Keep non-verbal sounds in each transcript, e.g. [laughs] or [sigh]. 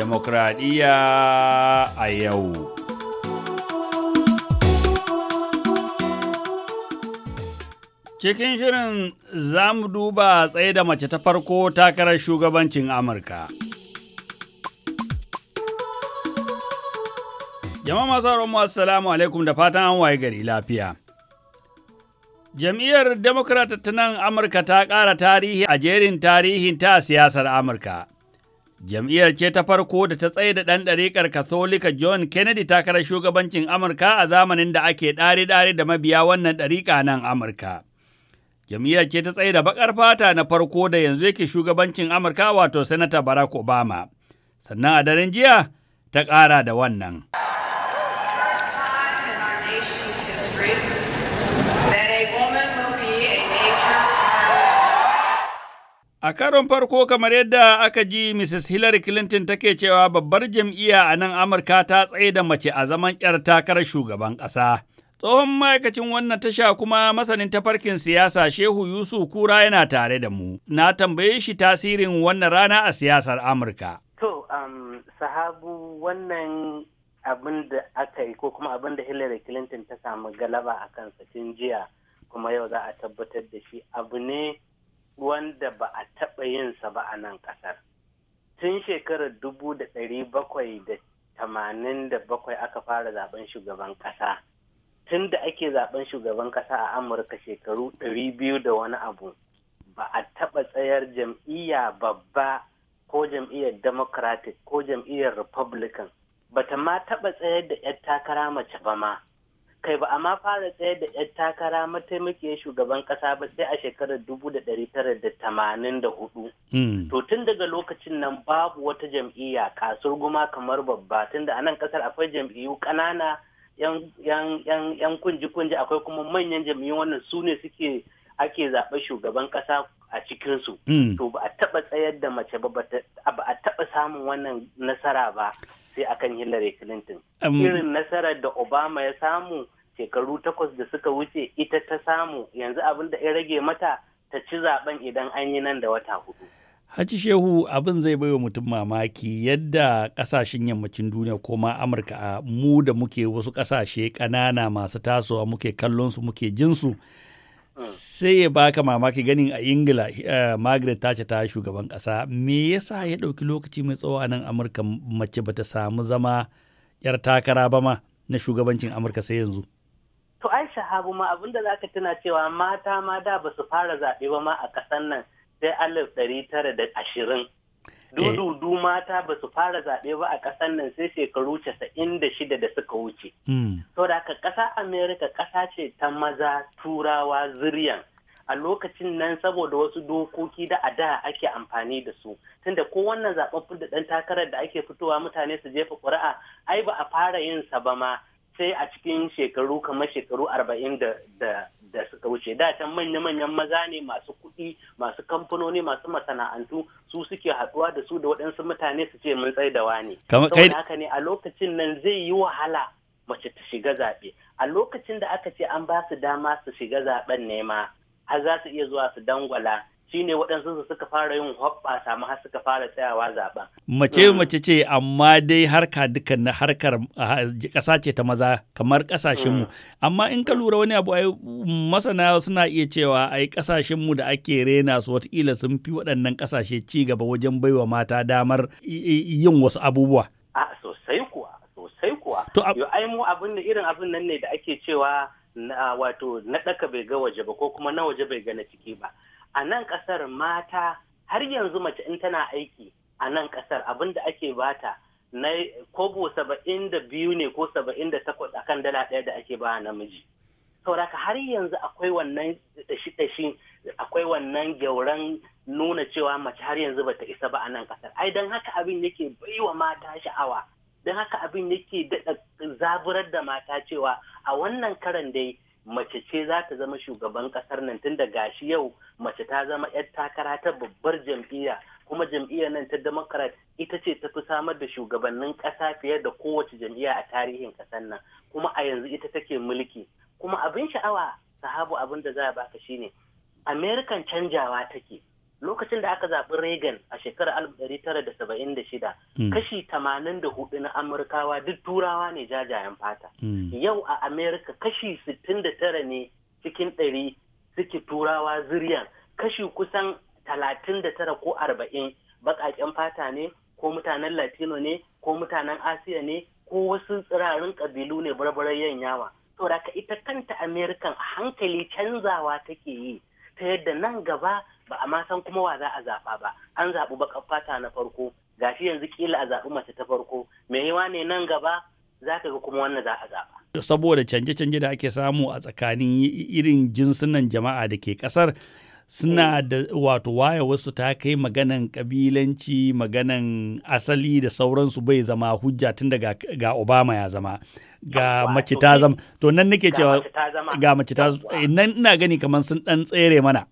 demokradiyya a yau. Cikin shirin za mu duba tsaye da mace ta farko takarar shugabancin Amurka. Jama'a masu mu assalamu alaikum da fatan an waye gari lafiya. Jam'iyyar Democrat ta nan Amurka ta ƙara tarihi a jerin tarihin ta siyasar Amurka. Jam'iyyar ce ta farko da ta tsaye da ɗan ɗariƙar katholika John Kennedy takarar shugabancin Amurka a zamanin da ake ɗare-ɗare da mabiya wannan ɗariƙa nan Amurka. Jam'iyyar ce ta tsaye da baƙar fata na farko da yanzu yake shugabancin Amurka wato Sanata Barack Obama. Sannan a daren jiya ta ƙara da wannan. A karon farko kamar yadda aka ji Mrs. Hillary Clinton take cewa babbar jam'iyya a nan Amurka ta tsaye da mace a zaman 'yar takarar shugaban ƙasa. Tsohon ma'aikacin wannan tasha kuma masanin tafarkin siyasa Shehu Yusuf Kura yana tare da mu. Na tambaye shi tasirin wannan rana a siyasar Amurka. To, um, sahabu wannan abin da aka yi ko kuma abin da Hillary Clinton ta samu galaba a kansa tun jiya kuma yau za a tabbatar da shi abu ne wanda ba a taɓa yinsa ba a nan ƙasar. Tun shekarar dubu da ɗari bakwai da tamanin da bakwai aka fara zaben shugaban ƙasa. Tun da ake zaben shugaban ƙasa a Amurka shekaru ɗari biyu da wani abu ba a taɓa tsayar jam'iyya babba ko jam'iyyar Democratic ko jam'iyyar Republican ba ta ma taɓa tsayar da 'yar takara mace ba ma. kai ba amma fara tsayar da yar takara mataimakiyar shugaban kasa ba sai a shekarar dubu da da tamanin da hudu. Hmm. To tun daga lokacin nan babu wata jam'iyya kasar guma kamar babba tun da anan kasar akwai jam'iyyu kanana yan kunji-kunji akwai kuma manyan jam'iyyun wannan su ne suke ake zaɓe shugaban ƙasa a cikinsu. Hmm. To ba a taɓa tsayar da mace ba, ba a taɓa samun wannan nasara ba. sai akan Hillary Clinton. Irin nasarar da Obama ya samu shekaru takwas da suka wuce ita ta samu yanzu abin da ya rage mata ta ci zaben idan an yi nan da wata hudu. Haji Shehu abin zai baiwa mutum mamaki yadda kasashen yammacin duniya ko ma Amurka mu da muke wasu kasashe ƙanana masu tasowa muke kallon su muke jinsu. su sai ya baka mamaki ganin a ingila eh, margaret ce ta shugaban kasa me yasa ya dauki lokaci mai tsawo a nan amurka mace bata samu zama yar takara ba ma na shugabancin amurka sai yanzu to aisha habu ma abinda zaka tuna cewa mata ma da ba su fara zaɓe ba ma a kasan nan sai alif ɗari tara da ashirin dudu eh. mata ba su fara zaɓe ba a ƙasar nan sai shekaru casa'in da shida da suka wuce. Sau hmm. da haka ƙasa Amerika ƙasa ce ta maza turawa zuriyan. A lokacin nan saboda wasu dokoki da a da ake amfani da su. Tunda ko wannan zaɓaɓɓun da ɗan takarar da ake fitowa mutane su jefa ƙuri'a ai ba a fara yin sa ba ma sai a cikin shekaru kamar shekaru arba'in da suka wuce da can manya-manyan maza ne masu kuɗi masu kamfanoni masu masana'antu su suke haɗuwa da su da waɗansu mutane su ce mun tsaye da wani haka ne a lokacin nan zai yi wahala mace ta shiga zaɓe a lokacin da aka ce an ba su dama su shiga zaɓen nema har za su iya zuwa su dangwala shine waɗansu suka fara yin hoɓɓa samu har suka fara tsayawa zaɓa. Mace mm. mace ce amma dai harka dukkan na harkar ƙasa ce ta maza kamar ƙasashenmu. Mm. Amma in ka lura wani abu masana suna iya cewa ai ƙasashenmu da ake rena su watakila sun fi waɗannan ƙasashe ci gaba wajen baiwa mata damar yin wasu abubuwa. A sosai kuwa, sosai kuwa. a... ai mu abin da irin abin nan ne da ake cewa na wato na ɗaka bai ga waje ba ko kuma na waje bai ga na ciki ba. a nan ƙasar mata har yanzu mace in tana aiki a nan kasar abin da ake bata na kobo saba'in da biyu ne ko saba'in da takwas akan dala ɗaya da ake ba namiji sauraka har yanzu akwai wannan ɗashi akwai wannan gyauran nuna cewa mace har yanzu bata isa ba a nan kasar ai don haka abin yake wa mata sha'awa don haka abin yake daɗa zaburar da mata cewa a wannan karan dai mace ce za ta zama shugaban kasar nan tun da shi yau mace ta zama 'yar takara ta babbar jam'iyya kuma jam'iyyar nan ta democrat ita ce ta fi samar da shugabannin ƙasa fiye da kowace jam'iyya a tarihin ƙasar nan kuma a yanzu ita take mulki kuma abin sha'awa sahabu abin da za a baka shine american canjawa take lokacin da aka zaɓi Reagan a shekarar 1976 mm. kashi 84 na Amurkawa duk turawa ne jajayen fata. Mm. Yau a Amerika kashi 69 ne cikin ɗari suke turawa zuriyar kashi kusan 39 ko 40 baƙaƙen fata ne ko mutanen Latino ne ko mutanen Asiya ne ko wasu tsirarin ƙabilu ne barbarayen yawa. Saboda ita kanta Amerikan hankali canzawa take yi ta yadda nan gaba ba a ma san kuma wa za a zaɓa ba an zaɓi baƙar fata na farko gashi yanzu kila a zaɓi mace ta farko mai ne nan gaba za ka ga kuma wannan za a zaɓa. saboda canje-canje da ake samu a tsakanin irin jinsunan jama'a da ke ƙasar suna eh. da wato waya wasu ta kai maganan kabilanci maganan asali da sauransu bai zama hujja tun da ga obama ya zama ga mace ta zama to nan nake cewa ga mace ta eh, nan ina gani kamar sun ɗan tsere mana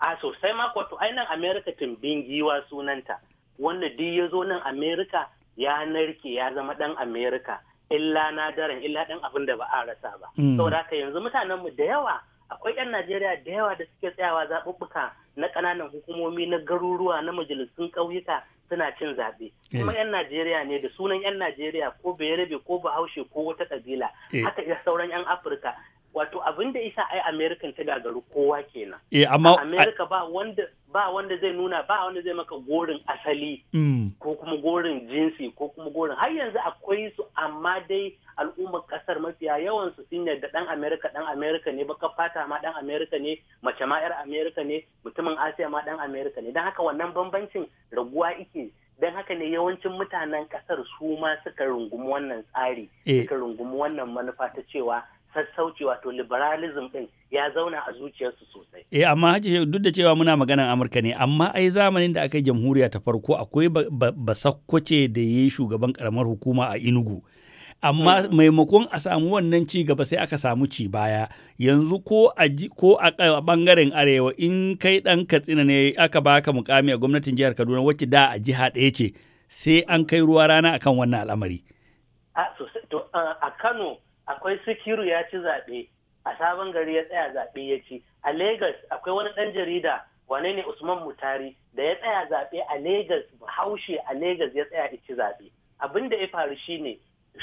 a sosai ma kwato ainihin america tun giwa sunanta wanda duk ya zo nan Amerika ya narke ya zama dan Amerika illa na daren illa dan abin da ba a rasa ba mm. saboda haka yanzu mutanenmu da yawa akwai 'yan najeriya da yawa da suke tsayawa zaɓuɓɓuka na ƙananan hukumomi na garuruwa na majalisun ƙauyuka suna cin zaɓe eh. kuma 'yan najeriya ne da sunan 'yan najeriya ko bayarabe ko bahaushe ko wata ƙabila eh. haka sauran 'yan afirka wato abin da isa ai american ta gagaru kowa kenan eh amma america ba wanda ba wanda zai nuna ba wanda zai maka gorin asali mm. ko kuma gorin jinsi ko kuma gorin har yanzu akwai su amma dai al'ummar kasar mafiya yawan su sun yarda dan america dan america ne baka fata ma dan america ne mace ma yar america ne mutumin asiya ma dan america ne dan haka wannan bambancin raguwa ike dan haka ne yawancin mutanen kasar su ma suka rungumi wannan tsari eh. suka rungumi wannan manufa ta cewa sassauci wato liberalism ɗin ya zauna a zuciyarsu sosai. Eh amma haji duk da cewa muna maganar Amurka ne amma ai zamanin da aka yi jamhuriya ta farko akwai basakkoce da ya yi shugaban karamar hukuma a Inugu. Amma mm. maimakon a samu wannan ci gaba sai aka samu ci baya yanzu ko a ko a bangaren arewa in kai ɗan katsina ne aka baka mukami a gwamnatin jihar Kaduna wacce da a jiha ɗaya ce sai an kai ruwa rana akan wannan al'amari. a Kano akwai sikiru ya ci zaɓe a sabon gari ya tsaya zaɓe ya ci a Legas akwai wani ɗan jarida wane ne usman mutari da ya tsaya zaɓe a Legas. haushe a Legas ya tsaya ci zaɓe abin da ya faru shine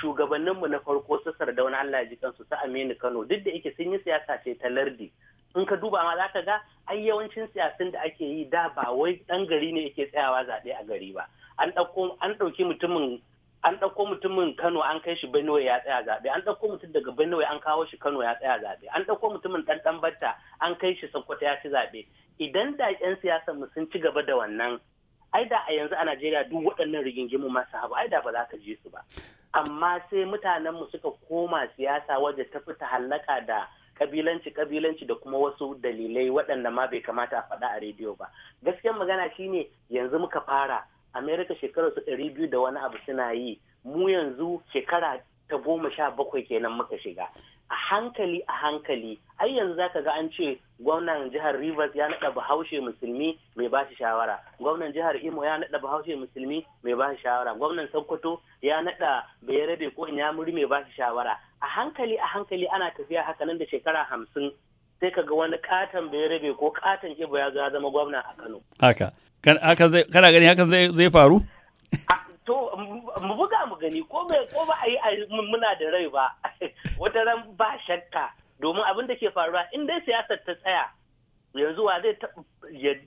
shugabanninmu na farko su sardauna allah ji kansu su aminu kano duk da yake sun yi siyasa ce ta lardi in ka duba ma za ka ga ai yawancin siyasan da ake yi da ba wai ɗan gari ne yake tsayawa zaɓe a gari ba an ɗauki mutumin an ɗauko mutumin Kano an kai shi Benue ya tsaya zaɓe, an ɗauko mutum daga Benue an kawo shi Kano ya tsaya zaɓe, an ɗauko mutumin ɗanɗan batta an kai shi Sokoto ya ci zaɓe. Idan da 'yan siyasa mu sun ci gaba da wannan, ai da a yanzu a Najeriya duk waɗannan rigingimu masu habu, ai da ba za ka ji su ba. Amma sai mutanen mu suka koma siyasa wajen ta fita hallaka da kabilanci kabilanci da kuma wasu dalilai waɗanda ma bai kamata a faɗa a rediyo ba. Gaskiyar magana shine yanzu muka fara amerika shekarar su ɗari biyu da wani abu suna yi mu yanzu shekara ta goma sha bakwai kenan muka shiga a hankali a hankali ai yanzu zaka ga an ce gwamnan jihar rivers ya naɗa bahaushe musulmi mai ba shi shawara gwamnan jihar imo ya naɗa bahaushe musulmi mai ba shi shawara gwamnan sokoto ya naɗa bayarabe ko inyamuri mai ba shi shawara a hankali a hankali ana tafiya haka nan da shekara hamsin sai ka ga wani katon bai rabe ko katon ibo ya zama gwamna a Kano. Haka. Kana gani haka zai faru? To, mu buga mu gani ko ba a yi muna da rai ba, [laughs] wata ran ba shakka domin abin da ke faruwa in dai siyasar ta tsaya yanzu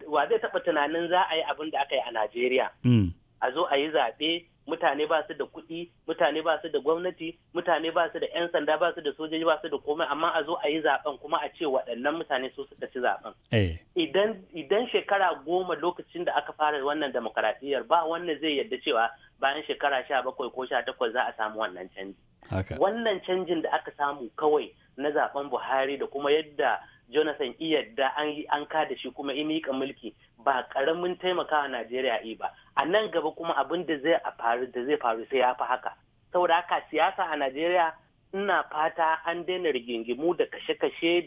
wa zai taɓa tunanin za a yi abin da aka yi a Najeriya. Hmm. A zo a yi zaɓe mutane ba su da kuɗi mutane ba su da gwamnati mutane ba su da 'yan sanda ba su da sojoji ba su da komai amma a zo a yi zaben kuma a ce waɗannan mutane su suka ci zaben eh. idan shekara goma lokacin da aka fara wannan demokaradiyyar ba wannan zai yadda cewa bayan shekara sha bakwai ko sha takwas za a samu wannan canji wannan canjin da aka samu kawai na zaben buhari da kuma yadda jonathan iyadda an ka da shi kuma imika mulki ba karamin taimakawa najeriya yi ba a nan gaba kuma abin da zai faru da zai faru sai ya fi haka saboda haka siyasa a najeriya ina fata an daina rigingimu da kashe-kashe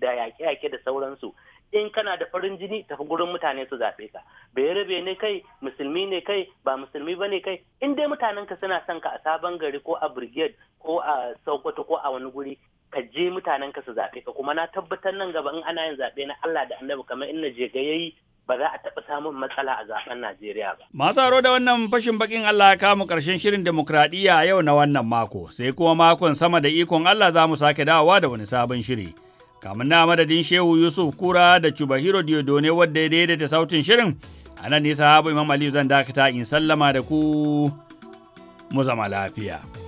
da yaƙe-yaƙe da sauransu in kana da farin jini tafi gurin mutane su zaɓe ka bayarabe ne kai musulmi ne kai ba musulmi ba ne kai in dai mutanen ka suna son ka a sabon gari ko a brigade ko a sokoto ko a wani guri ka je mutanen ka su zaɓe ka kuma na tabbatar nan gaba in ana yin zaɓe na Allah da Annabi kamar in je ga yayi ba za a taɓa samun matsala a zaben Najeriya ba. Masu aro da wannan fashin bakin Allah ya kamu ƙarshen shirin demokradiyya yau na wannan mako, sai kuma makon sama da ikon Allah za mu sake dawowa da wani sabon shiri. Kamun na madadin Shehu Yusuf Kura da Chubahiro Diodone wadda ya daidaita sautin shirin, a nan nisa Imam Aliyu zan dakata in sallama da ku mu zama lafiya.